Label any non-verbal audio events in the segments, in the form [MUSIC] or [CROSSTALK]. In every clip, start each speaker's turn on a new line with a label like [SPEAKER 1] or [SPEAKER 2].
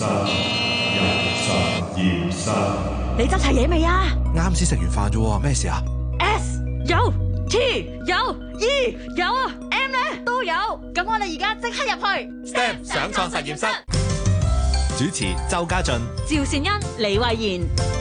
[SPEAKER 1] 三一十二
[SPEAKER 2] 三，你執齊嘢未啊？
[SPEAKER 3] 啱先食完飯啫，咩事啊
[SPEAKER 2] ？S 有，T 有，E 有，M 呢都有，咁我哋而家即刻入去。Step
[SPEAKER 3] 想創實驗室，主持周家俊、
[SPEAKER 2] 趙善恩、李慧嫻。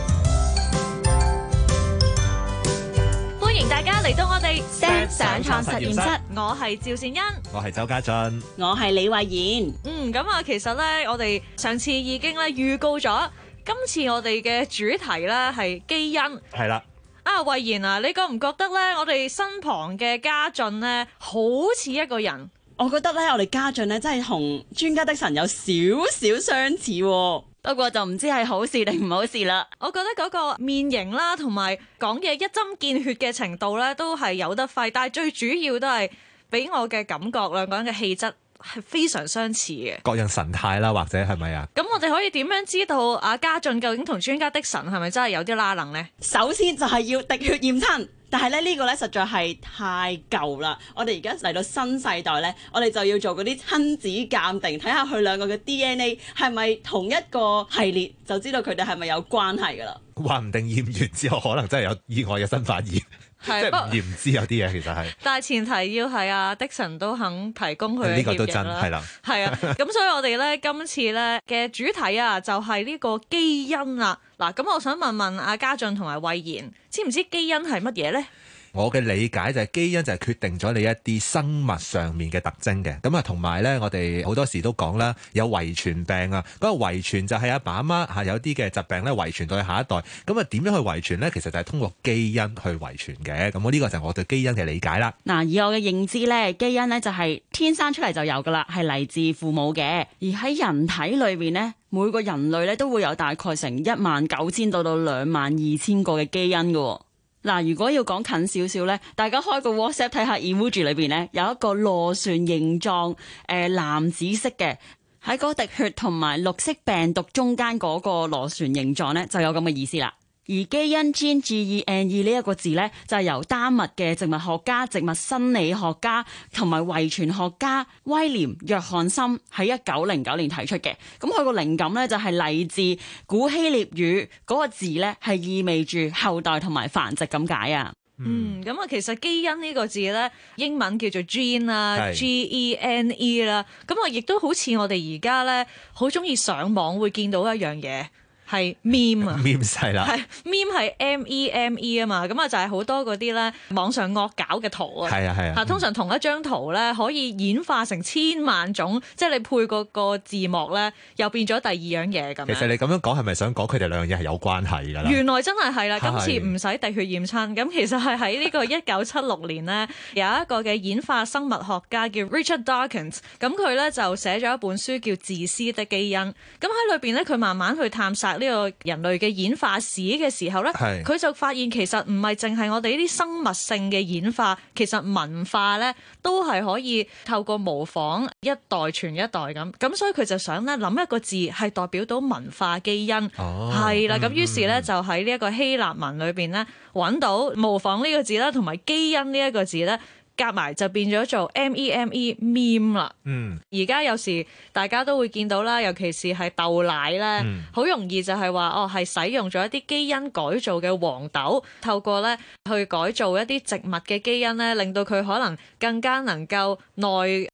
[SPEAKER 4] 上創實驗室，我係趙善恩，
[SPEAKER 2] 我係周家俊，我係李慧賢。
[SPEAKER 4] 嗯，咁啊，其實咧，我哋上次已經咧預告咗，今次我哋嘅主題咧係基因，係啦了。啊，慧賢啊，你覺唔覺得咧，我哋身旁嘅家俊咧，好似一個人？
[SPEAKER 2] 我覺得咧，我哋家俊咧，真係同專家的神有少少相似，啊。不過就唔知係好事定唔好事啦。
[SPEAKER 4] 我覺得嗰個面型啦，同埋講嘢一針見血嘅程度呢，都係有得揮。但係最主要都係俾我嘅感覺，兩個人嘅氣質。係非常相似嘅，
[SPEAKER 3] 各人神態啦，或者係咪啊？
[SPEAKER 4] 咁我哋可以點樣知道阿家俊究竟同專家的
[SPEAKER 2] 神係咪真係有啲拉冷呢？首先就係要滴血驗親，但係咧呢、這個呢，實在係太舊啦。我哋而家嚟到新世代呢，我哋就要做嗰啲親子鑑定，睇下佢兩個嘅 DNA 係咪同一個系列，就知道佢哋係咪有關係噶啦。
[SPEAKER 3] 話唔定驗完之後，可能真係有意外嘅新發現。即係唔知有啲嘢其實係， [LAUGHS]
[SPEAKER 4] 但係前提要係阿 Dixon 都肯提供佢呢個都真，係啦，係啊，咁所以我哋咧 [LAUGHS] 今次咧嘅主題啊，就係呢個基因啦。嗱，咁我想問問阿家俊同埋慧賢，知唔知基因係乜嘢咧？
[SPEAKER 3] 我嘅理解就係基因就係決定咗你一啲生物上面嘅特徵嘅，咁啊同埋呢，我哋好多時都講啦，有遺傳病啊，嗰遺傳就係阿爸阿媽嚇有啲嘅疾病呢，遺傳到去下一代，咁啊點樣去遺傳呢？其實就係通過基因去遺傳嘅，咁呢個就係我對基因嘅理解啦。
[SPEAKER 2] 嗱，以我嘅認知呢，基因呢就係天生出嚟就有噶啦，係嚟自父母嘅，而喺人體裏面呢，每個人類呢都會有大概成一萬九千到到兩萬二千個嘅基因噶。嗱，如果要講近少少咧，大家開個 WhatsApp 睇下《Evolve》裏邊咧，有一個螺旋形狀，誒、呃、藍紫色嘅喺嗰滴血同埋綠色病毒中間個螺旋形狀咧，就有咁嘅意思啦。而基因 gene gene 呢一個字呢，就係、是、由丹麥嘅植物學家、植物生理學家同埋遺傳學家威廉約翰森喺一九零九年提出嘅。咁佢個靈感呢，就係嚟自古希臘語嗰個字呢，係意味住後代同埋繁殖咁解啊。嗯，
[SPEAKER 4] 咁、嗯、啊，其實基因呢個字呢，英文叫做 gene 啦，gene 啦是，咁啊，亦都好似我哋而家呢，好鍾意上網會見到一樣嘢。係 Meme 啊，Meme 係啦，係 m [LAUGHS] m, eme, m, m e m e 啊嘛，咁啊就係好多嗰啲咧網上惡搞嘅圖啊，係啊係啊，嚇通常同一張圖咧可以演化成千萬種， [LAUGHS] 即係你配嗰個字幕咧，又變咗第二樣嘢咁。其實
[SPEAKER 3] 你咁樣講係咪想講佢哋兩樣嘢係有關係㗎啦？原來真
[SPEAKER 4] 係係啦， [LAUGHS] 今次唔使滴血驗親，咁其實係喺呢個一九七六年咧， [LAUGHS] 有一個嘅演化生物學家叫 Richard Dawkins，咁佢咧就寫咗一本書叫《自私的基因》，咁喺裏邊咧佢慢慢去探索。呢個人類嘅演化史嘅時候呢，佢是就發現其實唔係淨係我哋呢啲生物性嘅演化，其實文化呢都係可以透過模仿一代傳一代咁。咁所以佢就想呢，諗一個字係代表到文化基因，係啦、哦。咁於是呢，就喺呢一個希臘文裏邊呢，揾到模仿呢個字啦，同埋基因呢一個字呢。夾埋就變咗做 MEME meme 啦。而家、嗯、有時大家都會見到啦，尤其是係豆奶咧，好、嗯、容易就係話哦，係使用咗一啲基因改造嘅黃豆，透過咧去改造一啲植物嘅基因咧，令到佢可能更加能夠耐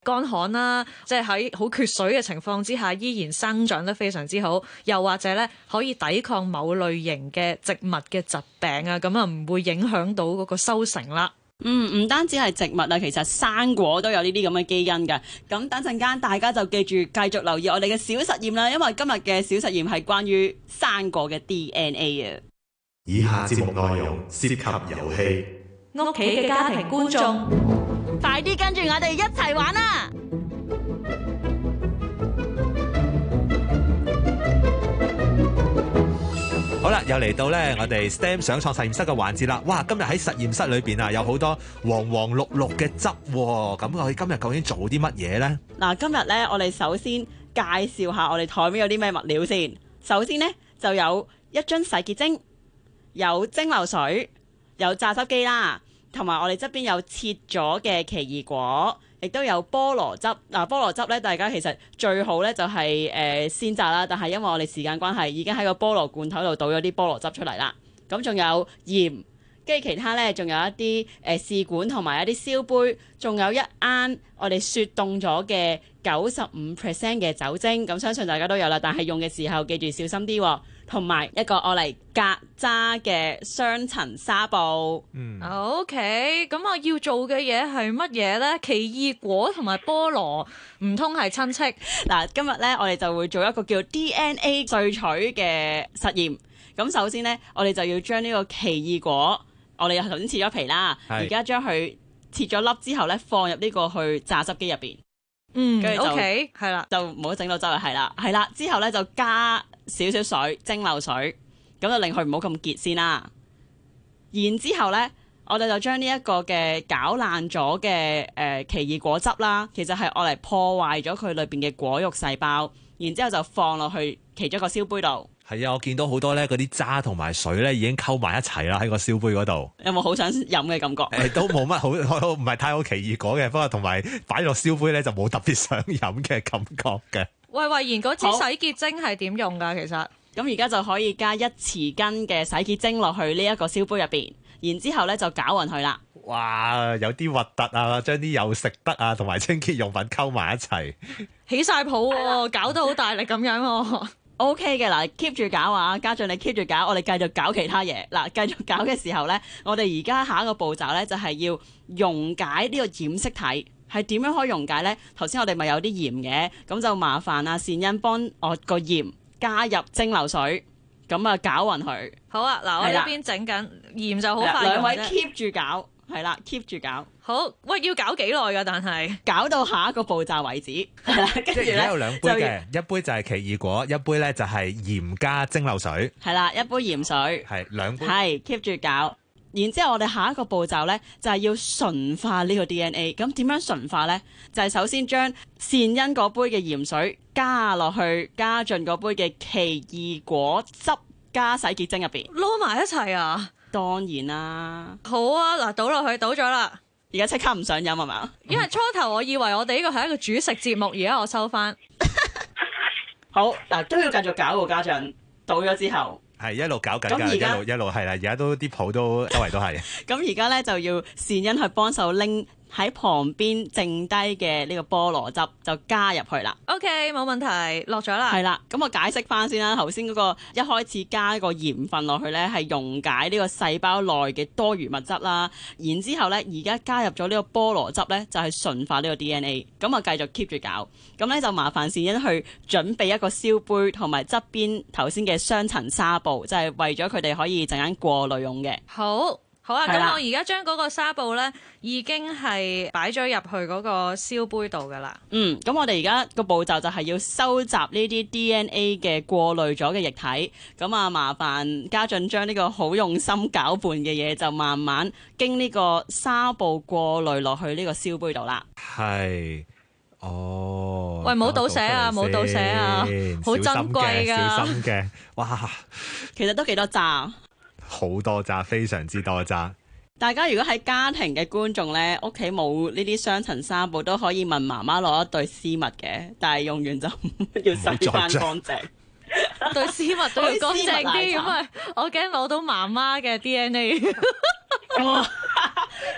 [SPEAKER 4] 乾旱啦，即係喺好缺水嘅情況之下，依然生長得非常之好，又或者咧可以抵抗某類型
[SPEAKER 2] 嘅植物嘅疾病啊，咁啊唔會影響到嗰個收成啦。嗯，唔單止係植物啦，其實生果都有呢啲咁嘅基因㗎。咁等陣間大家就記住，繼續留意我哋嘅小實驗啦。因為今日嘅小實驗係關於生果嘅 DNA 啊。
[SPEAKER 3] 以下節目內容涉及遊戲，
[SPEAKER 2] 屋企嘅家庭觀眾，快啲跟住我哋一齊玩啦！
[SPEAKER 3] 又嚟到呢，我哋 STEM 想創實驗室嘅環節啦！哇，今日喺實驗室裏邊啊，有好多黃黃綠綠嘅汁。哦，咁我哋今日究竟做啲乜嘢呢？
[SPEAKER 2] 嗱，今日呢，我哋首先介紹下我哋台面有啲咩物料先。首先呢，就有一樽洗潔精，有蒸餾水，有榨汁機啦，同埋我哋側邊有切咗嘅奇異果。亦都有菠蘿汁，嗱、啊、菠蘿汁咧，大家其實最好咧就係、是、誒、呃、先榨啦，但係因為我哋時間關係，已經喺個菠蘿罐頭度倒咗啲菠蘿汁出嚟啦。咁仲有鹽，跟住其他咧，仲有一啲誒試管同埋一啲燒杯，仲有一啱我哋雪凍咗嘅。九十五 percent 嘅酒精，咁相信大家都有啦。但係用嘅時候，記住小心啲喎。同埋一個我嚟隔渣嘅雙層紗布。嗯。OK，咁我要做嘅嘢係乜嘢呢？奇異果同埋菠蘿唔通係親戚？嗱，今日呢，我哋就會做一個叫 DNA 萃取嘅實驗。咁首先呢，我哋就要將呢個奇異果，我哋頭先切咗皮啦，而家將佢切咗粒之後呢，放入呢個去榨汁機入邊。
[SPEAKER 3] 嗯，跟住就
[SPEAKER 2] 係啦，okay, 了就唔好整到周圍係啦，係啦之後咧就加少少水蒸餾水，咁就令佢唔好咁杰先啦。然之後咧，我哋就將呢一個嘅攪爛咗嘅誒奇異果汁啦，其實係我嚟破壞咗佢裏邊嘅果肉細胞，然之後就放落去其中一個燒杯度。
[SPEAKER 3] 係啊，我見到好多咧，嗰啲渣同埋水咧已經溝埋一齊啦，喺個燒杯嗰度。
[SPEAKER 2] 有冇好想飲嘅感覺？誒，
[SPEAKER 3] 都冇乜好，唔係太好奇異果嘅， [LAUGHS] 不過同埋擺落燒杯咧就冇特別想飲嘅感覺嘅。
[SPEAKER 2] 喂，喂，賢、那個，嗰支洗潔精係點用噶？ [LAUGHS] 其實咁而家就可以加一匙羹嘅洗潔精落去呢一個燒杯入邊，然之後咧就攪勻佢啦。
[SPEAKER 3] 哇，有啲核突啊！將啲油食得啊，同埋清潔用品溝埋一齊，
[SPEAKER 2] [LAUGHS] 起晒泡，啊，搞得好大力咁樣。 [LAUGHS] O K 嘅，嗱 keep 住搞啊，家俊你 keep 住搞，我哋繼續搞其他嘢。嗱，繼續搞嘅時候呢，我哋而家下一個步驟呢，就係要溶解呢個染色體，係點樣可以溶解呢？頭先我哋咪有啲鹽嘅，咁就麻煩阿善欣幫我個鹽加入蒸餾水，咁啊攪勻佢。
[SPEAKER 4] 好啊，嗱我呢邊整緊鹽就好快，兩位 keep 住搞。係啦
[SPEAKER 2] ，keep 住搞好，喂，要搞幾耐噶？但係搞到下一個步驟為止，係啦，跟住咧有兩杯嘅，
[SPEAKER 3] 一杯就係奇異果，一杯咧就係鹽加蒸餾水，
[SPEAKER 2] 係啦，一杯鹽水，係兩杯，係 keep 住搞。然之後我哋下一個步驟咧就係要純化呢個 DNA。咁點樣純化咧？就係首先將善恩嗰杯嘅鹽水加落去，加進嗰杯嘅奇異果汁加洗潔精入邊，撈埋一齊啊！當然啦，好啊，嗱，倒落去，倒咗啦，而家即刻唔想飲係咪啊？
[SPEAKER 4] 因為初頭我以為我哋呢個係一個煮食節目，而家我收翻。
[SPEAKER 2] [LAUGHS] 好嗱，都要繼續搞個家長，倒咗之後係一路搞緊一路一
[SPEAKER 3] 路係啦，而家、啊、都啲鋪都周圍都係。
[SPEAKER 2] 咁而家咧就要善恩去幫手拎。喺旁邊剩低嘅，呢個菠蘿汁就加入去啦。OK，
[SPEAKER 4] 冇問題，落咗啦。
[SPEAKER 2] 係啦，咁我解釋翻先啦。頭先嗰個一開始加一個鹽分落去呢，係溶解呢個細胞內嘅多餘物質啦。然之後呢，而家加入咗呢個菠蘿汁呢，就係純化呢個 DNA。咁啊，繼續 keep 住搞。咁呢，就麻煩善欣去準備一個燒杯同埋側邊頭先嘅雙層紗布，就係為咗佢哋可以陣間過濾用嘅。
[SPEAKER 4] 好。好啊，咁我而家將嗰個紗布呢已經係擺咗入去嗰個燒杯度噶啦。
[SPEAKER 2] 嗯，咁我哋而家個步驟就係要收集呢啲 DNA 嘅過濾咗嘅液體。咁啊，麻煩家俊將呢個好用心攪拌嘅嘢就慢慢經呢個紗布過濾落去呢個燒杯度啦。係，哦。喂，冇倒瀉啊，冇倒瀉啊，好、啊、珍貴噶。小心嘅， [LAUGHS] 哇，其實都幾多渣、啊。
[SPEAKER 3] 好多渣，非常之多渣。
[SPEAKER 2] 大家如果喺家庭嘅觀眾呢，屋企冇呢啲雙層紗布都可以問媽媽攞一對絲襪嘅，但係用完就要洗晒乾淨，對
[SPEAKER 4] 絲襪都要乾淨啲，因為我驚攞到媽媽嘅 DNA。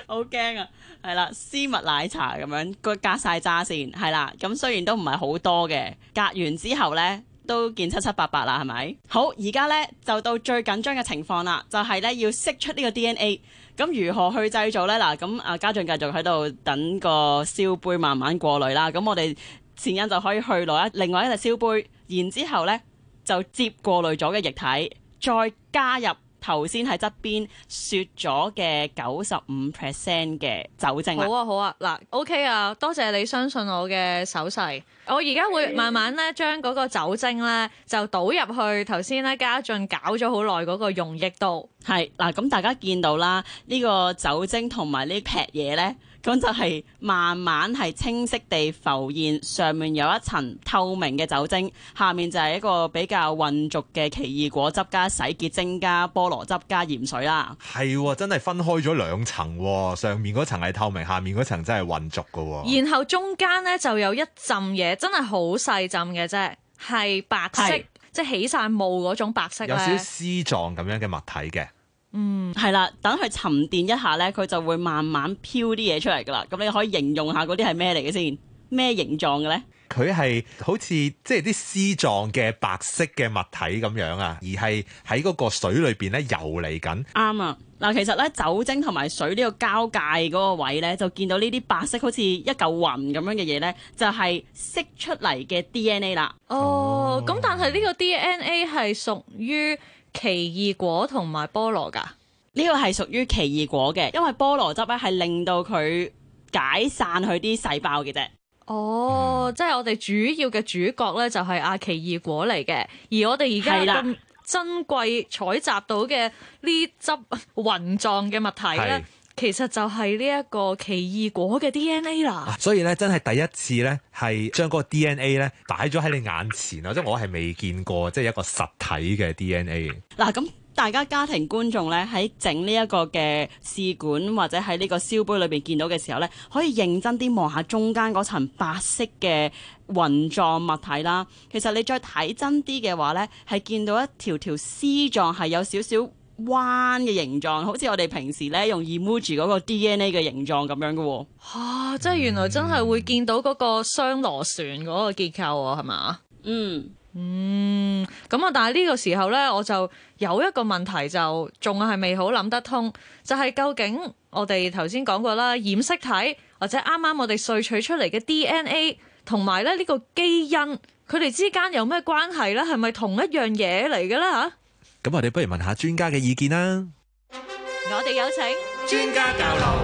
[SPEAKER 2] 好驚啊！係啦，絲襪奶茶咁樣，佢隔晒渣先，係啦。咁雖然都唔係好多嘅，隔完之後呢。都見七七八八啦，係咪？好，而家呢，就到最緊張嘅情況啦，就係、是、呢，要釋出呢個 DNA。咁如何去製造呢？嗱，咁、啊、阿家俊繼續喺度等個燒杯慢慢過濾啦。咁我哋前因就可以去攞一另外一隻燒杯，然之後呢，就接過濾咗嘅液體，再加入。頭先喺側邊雪咗嘅九十五 percent 嘅酒精好。啊，好啊
[SPEAKER 4] 好啊，嗱，OK 啊，多謝你相信我嘅手勢，我而家會慢慢咧將嗰個酒精咧就倒入去頭先咧家俊搞咗好耐嗰個
[SPEAKER 2] 溶液度，係。嗱，咁大家見到啦，呢、呢個酒精同埋呢劈嘢咧。咁就係慢慢係清晰地浮現，上面有一層透明嘅酒精，下面就係一個比較混濁嘅奇異果汁加洗潔精加菠蘿汁加鹽水啦。
[SPEAKER 3] 係喎，真係分開咗兩層喎，上面嗰層係透明，下面嗰層真係混濁㗎喎。然
[SPEAKER 4] 後中間呢，就有一浸嘢，真係好細浸
[SPEAKER 2] 嘅啫，係白色，是即係起晒霧嗰種白色，有少少絲
[SPEAKER 3] 狀咁樣嘅物體嘅。
[SPEAKER 2] 嗯，係啦，等佢沉澱一下呢，佢就會慢慢飄啲嘢出嚟㗎啦。咁你可以形容下嗰啲係咩嚟嘅先？咩形狀嘅呢？
[SPEAKER 3] 佢係好似即係啲絲狀嘅白色嘅物體咁樣啊，而係喺嗰個水裏邊呢游嚟緊。
[SPEAKER 2] 啱啊！嗱，其實呢，酒精同埋水呢個交界嗰個位呢，就見到呢啲白色好似一嚿雲咁樣嘅嘢呢，就係、是、析出嚟嘅 D N A 啦。
[SPEAKER 4] 哦、咁、哦嗯、但係呢個 D N A 係屬於。奇異果
[SPEAKER 2] 同埋菠蘿㗎？呢個係屬於奇異果嘅，因為菠蘿汁咧係令到佢解散佢啲細胞嘅啫。
[SPEAKER 4] 哦，即係我哋主要嘅主角咧就係阿奇異果嚟嘅，而我哋而家咁珍貴採集到嘅呢汁雲狀嘅物體咧。其實就係呢一個奇異果嘅 DNA 啦，
[SPEAKER 3] 所以呢真係第一次呢，係將嗰個 DNA 呢擺咗喺你眼前啊！即係我係未見過即係、就是、一個實體嘅 DNA。
[SPEAKER 2] 嗱、啊，咁大家家庭觀眾呢，喺整呢一個嘅試管或者喺呢個燒杯裏面見到嘅時候呢，可以認真啲望下中間嗰層白色嘅雲狀物體啦。其實你再睇真啲嘅話呢，係見到一條條絲狀係有少少。彎嘅形狀，好似我哋平時咧用 emoji 嗰個 DNA 嘅形狀咁樣㗎喎。吓，即係原來
[SPEAKER 4] 真係會見到嗰個雙螺旋嗰個結構啊，係嘛？嗯，嗯，咁啊，但係呢個時候咧，我就有一個問題就仲係未好諗得通，就係究竟我哋頭先講過啦，染色體或者啱啱我哋萃取出嚟嘅 DNA 同埋咧呢個基因，佢哋之間有咩關係咧？係咪同一樣嘢嚟嘅咧吓？
[SPEAKER 3] 咁我哋不如問下專家嘅意見啦。
[SPEAKER 4] 我哋有請專家教路。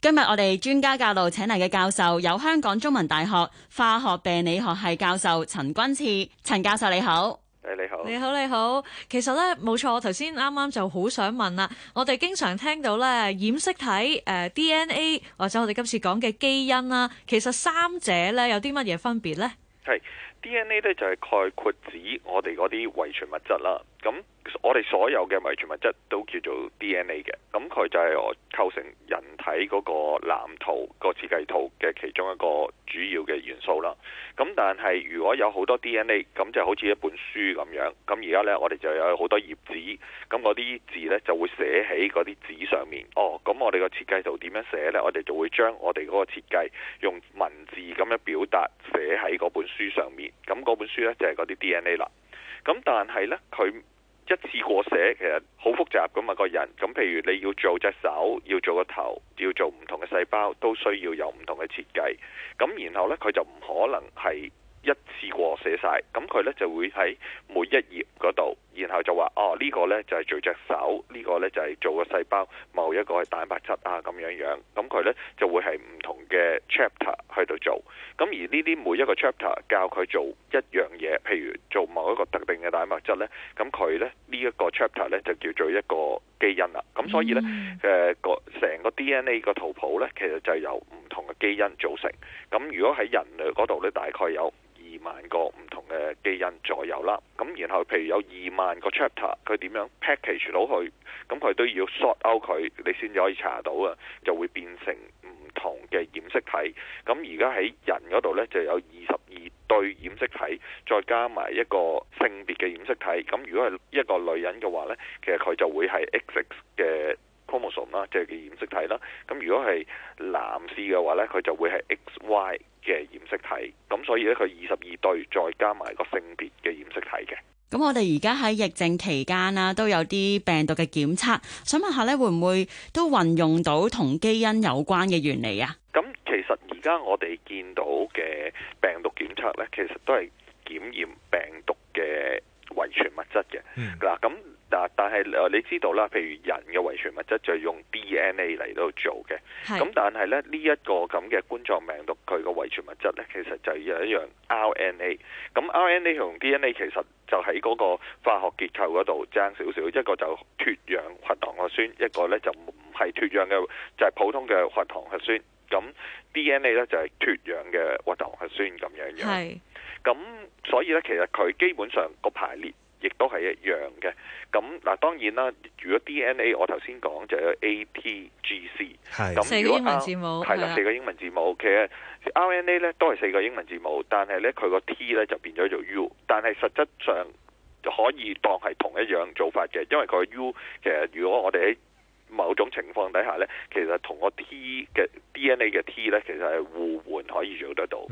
[SPEAKER 2] 今日我哋專家教路請嚟嘅教授有香港中文大學化學病理學系教授陳君賜，陳教授你好。Hey, 你好，你好，你好，其實咧，冇錯，我頭先啱啱就好想問啦。我哋經常聽到咧
[SPEAKER 4] 染色體、誒、呃、DNA 或者我哋今次講嘅基因啦、啊，其實三者咧有啲乜嘢分別咧？
[SPEAKER 1] 係 DNA 咧就係、是、概括指我哋嗰啲遺傳物質啦。咁我哋所有嘅遺傳物質都叫做 DNA 嘅，咁佢就係我構成人體嗰個藍圖、個設計圖嘅其中一個主要嘅元素啦。咁但係如果有好多 DNA，咁就好似一本書咁樣。咁而家呢，我哋就有好多頁紙，咁嗰啲字呢就會寫喺嗰啲紙上面。哦，咁我哋個設計就點樣寫呢？我哋就會將我哋嗰個設計用文字咁樣表達寫喺嗰本書上面。咁嗰本書呢，就係嗰啲 DNA 啦。咁但係呢，佢。一次過寫其實好複雜咁啊，個人咁，譬如你要做隻手，要做個頭，要做唔同嘅細胞，都需要有唔同嘅設計。咁然後呢，佢就唔可能係一次過寫晒，咁佢呢就會喺每一頁嗰度，然後就話哦呢、呢個呢就係做隻手，呢、呢個呢就係、是、做個細胞某一個係蛋白質啊咁樣樣，咁佢呢就會喺唔同嘅 chapter 喺度做，咁而呢啲每一個 chapter 教佢做一樣嘢，譬如做某一個特定嘅蛋白質呢。咁佢呢、呢個、呢一個 chapter 呢就叫做一個基因啦，咁所以呢，嘅、嗯、個成個 DNA 個圖譜呢其實就由唔同嘅基因組成，咁如果喺人類嗰度呢，大概有。二萬個唔同嘅基因左右啦，咁然後譬如有二萬個 chapter，佢點樣 package 到佢？咁佢都要 sort out 佢，你先至可以查到啊，就會變成唔同嘅染色體。咁而家喺人嗰度呢，就有二十二對染色體，再加埋一個性別嘅染色體。咁如果係一個女人嘅話呢，其實佢就會係 XX 嘅。啦，即係叫染色體啦。咁如果係男士嘅話咧，佢就會係 XY 嘅染色體。咁所以咧，佢二十二對，再加埋個性別嘅染色體嘅。
[SPEAKER 2] 咁我哋而家喺疫症期間啦，都有啲病毒嘅檢測，想問下咧，會唔會都運用到同基因有關嘅原理啊？
[SPEAKER 1] 咁其實而家我哋見到嘅病毒檢測咧，其實都係檢驗病毒嘅遺傳物質嘅。嗱，咁。嗯。但係，你知道啦，譬如人嘅遺傳物質就係用 D N A 嚟到做嘅。咁是但係咧，呢、這、一個咁嘅冠狀病毒佢個遺傳物質咧，其實就係一樣 R N A。咁 R N A 同 D N A 其實就喺嗰個化學結構嗰度爭少少，一個就脱氧核糖核酸，一個咧就唔係脱氧嘅，就係、是、普通嘅核糖核酸。咁 D N A 咧就係脱氧嘅核糖核酸咁樣樣。係是。咁所以咧，其實佢基本上、這個排列。亦都係一樣嘅，咁嗱當然啦。如果 DNA 我頭先講就有 ATGC，咁四個英文字母，係啦四個英文字母。其實 RNA 咧都係四個英文字母，但係咧佢個 T 咧就變咗做 U，但係實質上可以當係同一樣做法嘅，因為佢個 U 其實如果我哋喺某種情況底下呢，其實同個 T 嘅 DNA 嘅 T 呢，其實係互換可以做得到。咁、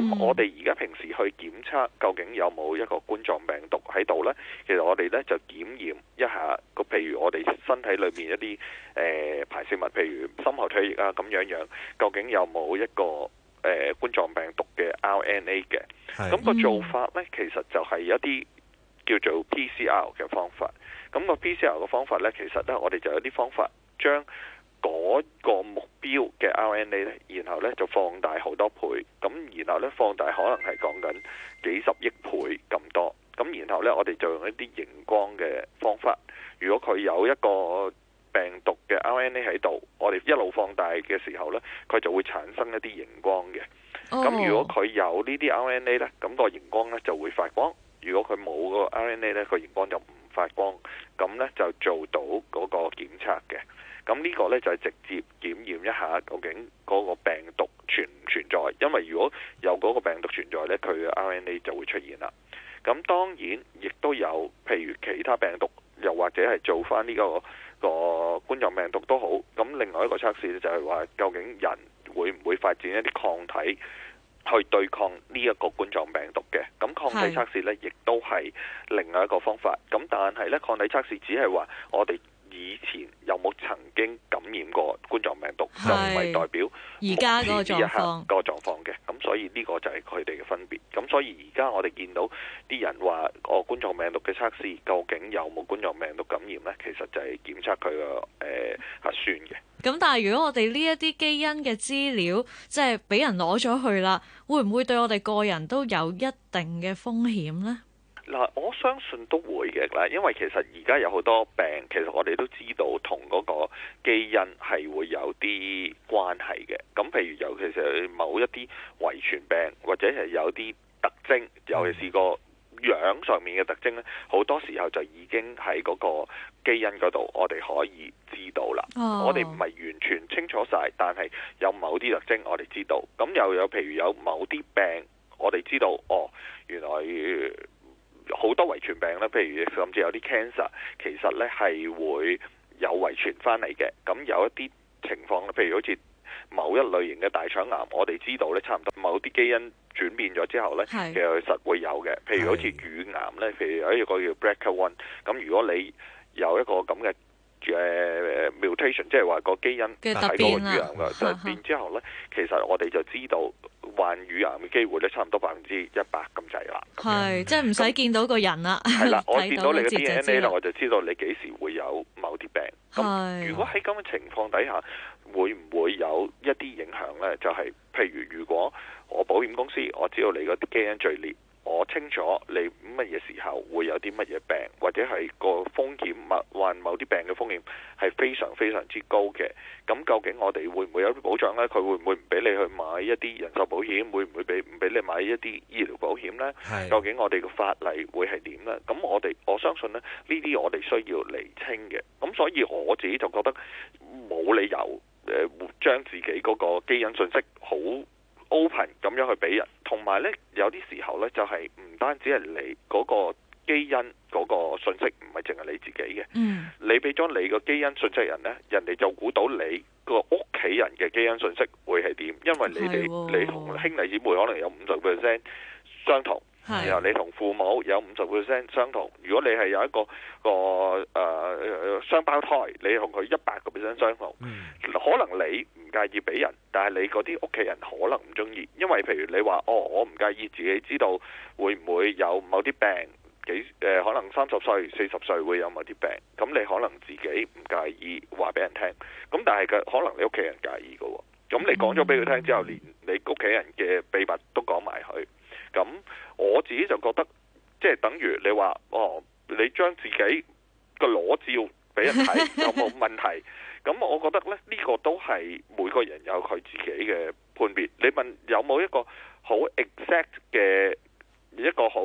[SPEAKER 1] 嗯、我哋而家平時去檢測究竟有冇一個冠狀病毒喺度呢？其實我哋呢就檢驗一下個，譬如我哋身體裏面一啲誒、呃、排泄物，譬如深喉唾液啊咁樣樣，究竟有冇一個誒、呃、冠狀病毒嘅 RNA 嘅？咁是個做法呢，嗯、其實就係一啲叫做 PCR 嘅方法。咁個 PCR 嘅方法咧，其實咧我哋就有啲方法將嗰個目標嘅 RNA 咧，然後咧就放大好多倍。咁然後咧放大可能係講緊幾十億倍咁多。咁然後咧我哋就用一啲熒光嘅方法。如果佢有一個病毒嘅 RNA 喺度，我哋一路放大嘅時候咧，佢就會產生一啲熒光嘅。咁如果佢有呢啲 RNA 咧，咁個熒光咧就會發光。如果佢冇個 RNA 咧，個熒光就唔發光咁呢，就做到嗰個檢測嘅，咁呢個呢，就係、是、直接檢驗一下究竟嗰個病毒存唔存在，因為如果有嗰個病毒存在呢，佢 RNA 就會出現啦。咁當然亦都有，譬如其他病毒，又或者係做翻呢、呢個、呢個冠狀病毒都好。咁另外一個測試咧就係話，究竟人會唔會發展一啲抗體？去對抗呢一個冠狀病毒嘅，咁抗體測試咧，亦都係另外一個方法。咁但係咧，抗體測試只係話我哋以前有冇曾經感染過冠狀病毒，是就唔係代表
[SPEAKER 4] 而家個狀況
[SPEAKER 1] 個狀況嘅，咁所以呢個就係佢哋嘅分別。咁所以而家我哋見到啲人話個、哦、冠狀病毒嘅測試究竟有冇冠狀病毒感染呢？其實就係檢測佢個誒核酸
[SPEAKER 4] 嘅。咁但係如果我哋呢一啲基因嘅資料即係俾人攞咗去啦，會唔會對我哋個人都有一定嘅風險呢？
[SPEAKER 1] 嗱，我相信都會嘅啦，因為其實而家有好多病，其實我哋都知道同嗰個基因係會有啲關係嘅。咁譬如，尤其是某一啲遺傳病，或者係有啲特徵，尤其是個樣上面嘅特徵咧，好多時候就已經喺嗰個基因嗰度，我哋可以知道啦。哦、我哋唔係完全清楚晒，但係有某啲特徵，我哋知道。咁又有譬如有某啲病，我哋知道哦，原來。好多遺傳病咧，譬如甚至有啲 cancer，其實咧係會有遺傳翻嚟嘅。咁有一啲情況，譬如好似某一類型嘅大腸癌，我哋知道咧，差唔多某啲基因轉變咗之後咧，是其實，實會有嘅。譬如好似乳癌咧，是譬如有一個叫 BRCA1，咁如果你有一個咁嘅誒 mutation，即係話個基因嘅突變嘅，突變之後咧的，其實我哋就知道。患乳癌嘅機會咧，差唔多百分之一百咁滯啦。係，
[SPEAKER 4] 即係唔使見到個人啦。係啦那， [LAUGHS] 我見到你嘅 DNA 咧，我
[SPEAKER 1] 就知道你幾時會有某啲病。
[SPEAKER 4] 係的，如
[SPEAKER 1] 果喺咁嘅情況底下，會唔會有一啲影響咧？就係、是、譬如，如果我保險公司我知道你嗰啲基因序列。我清楚你乜嘢時候會有啲乜嘢病，或者係個風險或患某啲病嘅風險係非常非常之高嘅。咁究竟我哋會唔會有保障呢？佢會唔會唔俾你去買一啲人壽保險？會唔會俾唔俾你買一啲醫療保險呢？是究竟我哋嘅法例會係點呢？咁我哋我相信呢，呢啲我哋需要釐清嘅。咁所以我自己就覺得冇理由誒，將、呃、自己嗰個基因信息好。open，咁樣去俾人，同埋呢有啲時候呢，就係、是、唔單止係你嗰個基因嗰個信息唔係淨係你自己嘅。嗯、你俾咗你個基因信息人呢，人哋就估到你個屋企人嘅基因信息會係點，因為你哋的你同兄弟姊妹可能有五十 percent 相同。然後你同父母有五十 percent 相同，如果你係有一個一個誒、呃、雙胞胎，你同佢一百個 percent 相同，嗯、可能你唔介意俾人，但係你嗰啲屋企人可能唔中意，因為譬如你話哦，我唔介意自己知道會唔會有某啲病，幾誒、呃、可能三十歲四十歲會有某啲病，咁你可能自己唔介意話俾人聽，咁但係佢可能你屋企人介意㗎喎，咁你講咗俾佢聽之後，連、嗯、你屋企人嘅秘密都。咁我自己就覺得，即係等於你話哦，你將自己個裸照俾人睇有冇問題，咁 [LAUGHS] 我覺得咧，呢個都係每個人有佢自己嘅判別，你問有冇一個好 exact 嘅一個好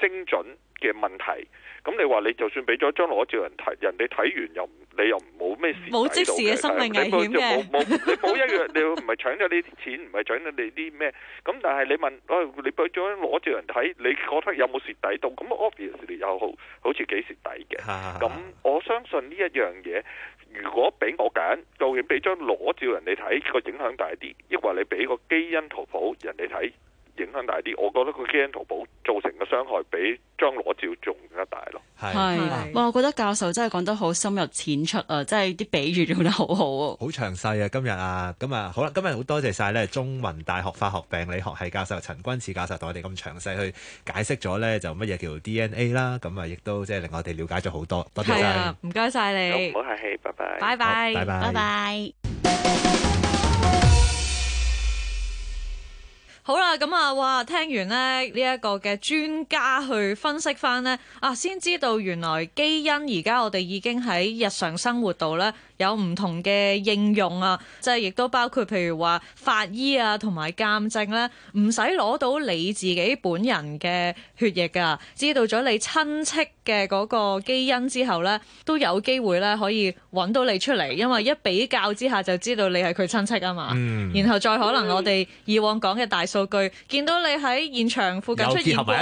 [SPEAKER 1] 精準嘅問題，咁你話你就算俾咗張裸照人睇，人哋睇完又唔，你又冇咩事，冇即時嘅生命危險嘅， [LAUGHS] 你冇一樣，你唔係搶咗你啲錢，唔係搶咗你啲咩？咁但係你問，哎、你俾咗張裸照人睇，你覺得有冇蝕底度？咁 obvious 你又好好似幾蝕底嘅。咁 [LAUGHS] 我相信呢一樣嘢，如果俾我揀，究竟俾張裸照人哋睇個影響大啲，抑或你俾個基因圖譜人哋睇？影響大啲，我覺得佢基因淘寶造成嘅傷害比張裸照仲加大咯。係，
[SPEAKER 3] 哇！我
[SPEAKER 2] 覺得教授真係講得好深入淺出啊，即係啲比喻做得好
[SPEAKER 3] 好啊。好詳細啊！今日啊，咁啊，好啦，今日好多謝晒咧，中文大學化學病理學系教授陳君賜教授同我哋咁詳細去解釋咗咧，就乜嘢叫 DNA 啦，咁啊，亦都即係令我哋瞭解咗好多。多謝晒，唔
[SPEAKER 4] 該晒你，唔好客氣，拜拜，拜拜，拜拜。好啦，咁啊，哇！聽完咧呢一個嘅專家去分析翻咧，啊，先知道原來基因而家我哋已經喺日常生活度咧有唔同嘅應用啊，即係亦都包括譬如話法醫啊同埋鑑證咧、啊，唔使攞到你自己本人嘅血液噶、啊，知道咗你親戚嘅嗰個基因之後咧，都有機會咧可以揾到你出嚟，因為一比較之下就知道你係佢親戚啊嘛。嗯。然後再可能我哋以往講嘅大。數據見到你喺現場附近出現過，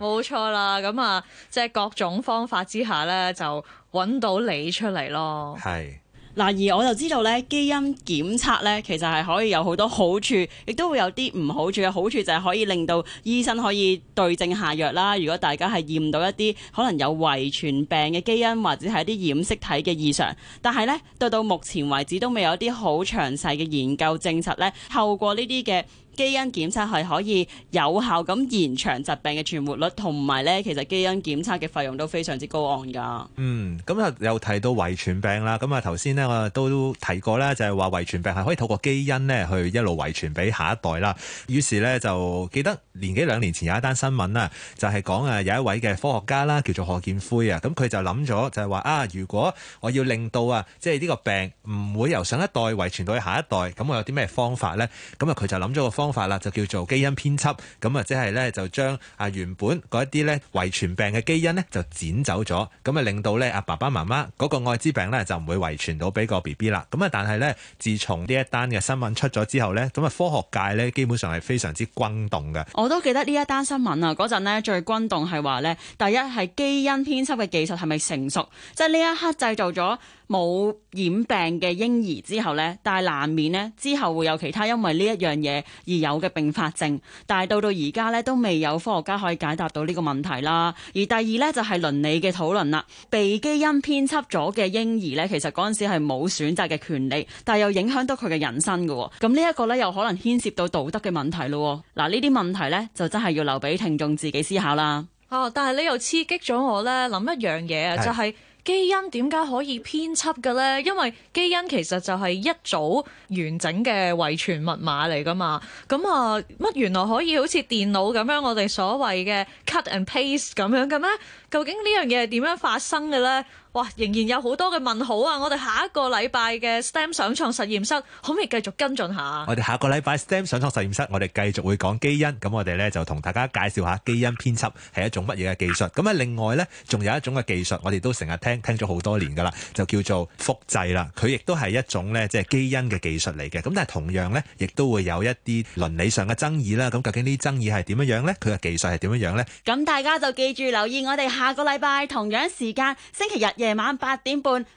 [SPEAKER 4] 冇錯啦。咁啊，即係各種方法之下呢，就揾到你出嚟咯。
[SPEAKER 2] 係嗱是，而我就知道呢，基因檢測呢，其實係可以有好多好處，亦都會有啲唔好處。嘅好處就係可以令到醫生可以對症下藥啦。如果大家係驗到一啲可能有遺傳病嘅基因，或者係一啲染色體嘅異常，但係呢，到到目前為止都未有啲好詳細嘅研究證實呢，透過呢啲嘅。基因檢測係可以有效咁延長疾病嘅存活率，同埋咧其實基因檢測嘅費用都非常之高昂㗎。嗯，
[SPEAKER 3] 咁啊又提到遺傳病啦，咁啊頭先呢我都提過啦，就係話遺傳病係可以透過基因呢去一路遺傳俾下一代啦。於是呢，就記得年幾兩年前有一單新聞啊，就係講啊有一位嘅科學家啦，叫做賀建奎啊，咁佢就諗咗就係話啊，如果我要令到啊即係呢個病唔會由上一代遺傳到去下一代，咁我有啲咩方法呢？咁啊佢就諗咗個方。方法啦，就叫做基因編輯，咁啊，即係咧就將啊原本嗰一啲咧遺傳病嘅基因咧就剪走咗，咁啊令到咧阿爸爸媽媽嗰個愛滋病咧就唔會遺傳到俾個 BB 啦。咁啊，但係咧，自從呢一單嘅新聞出咗之後咧，咁啊科學界咧基本上係非常之轟動嘅。
[SPEAKER 2] 我都記得呢一單新聞啊，嗰陣咧最轟動係話咧，第一係基因編輯嘅技術係咪成熟，即係呢一刻製造咗。冇染病嘅嬰兒之後呢，但係難免呢，之後會有其他因為呢一樣嘢而有嘅併發症。但係到到而家呢，都未有科學家可以解答到呢個問題啦。而第二呢，就係、是、倫理嘅討論啦。被基因編輯咗嘅嬰兒呢，其實嗰陣時係冇選擇嘅權利，但係又影響到佢嘅人生嘅、哦。咁呢一個呢，又可能牽涉到道德嘅問題咯。嗱，呢啲問題呢，就真係要留俾聽眾自己思考啦。
[SPEAKER 4] 哦，但係你又刺激咗我呢，諗一樣嘢啊，就係、是。基因點解可以編輯嘅呢？因為基因其實就係一組完整嘅遺傳密碼嚟噶嘛。咁啊，乜原來可以好似電腦咁樣，我哋所謂嘅 cut and paste 咁樣嘅咩？究竟呢樣嘢係點樣發生嘅呢？哇，仍然有好多嘅問號啊！我哋下一個禮拜嘅 STEM 上創實驗室可唔可以繼續跟進下？
[SPEAKER 3] 我哋下個禮拜 STEM 上創實驗室，我哋繼續會講基因。咁我哋呢就同大家介紹下基因編輯係一種乜嘢嘅技術。咁啊，另外呢，仲有一種嘅技術，我哋都成日聽聽咗好多年噶啦，就叫做複製啦。佢亦都係一種呢，即係基因嘅技術嚟嘅。咁但係同樣呢，亦都會有一啲倫理上嘅爭議啦。咁究竟呢啲爭議係點樣樣呢？佢嘅技術係點樣樣呢？
[SPEAKER 2] 咁大家就記住留意我哋下個禮拜同樣時間星期日，夜晚八點半。